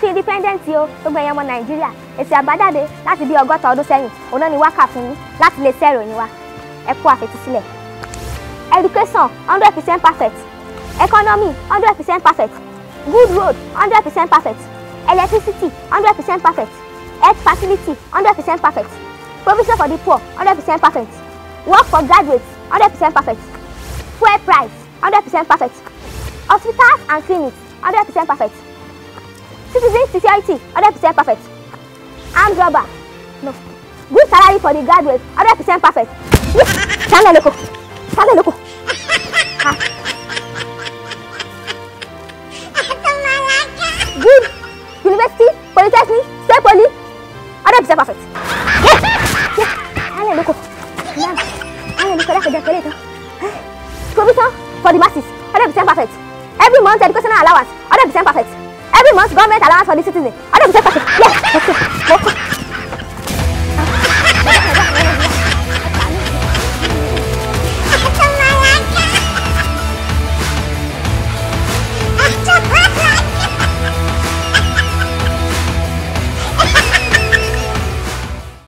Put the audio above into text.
ṣe independent o gbogbo ẹ̀yàn ọmọ nàìjíríà èsì àbájáde láti bí ọgọ́ta ọdún sẹ́yìn òun náà ni wákà fún yín láti lè ṣẹ́ ni wa ẹ kú àfetísílẹ̀ education hundred percent perfect economy hundred percent perfect good road hundred percent perfect electricity hundred percent perfect health facility hundred percent perfect provision for the poor hundred percent perfect work for graduates hundred percent perfect fuel price hundred percent perfect hospitals and clinics hundred percent perfect citizen society hundred percent perfect armed robber no good salary for the graduate hundred percent perfect sálẹ̀ lóko sálẹ̀ lóko. good university polytechnic state poly hundred percent perfect sálẹ̀ lóko sálẹ̀ lóko dákẹ́jẹ́ kẹ́lẹ́ tán provision for the masses hundred percent perfect every month educational allowance hundred percent perfect. we must government allowance for the citizen. I don't accept it.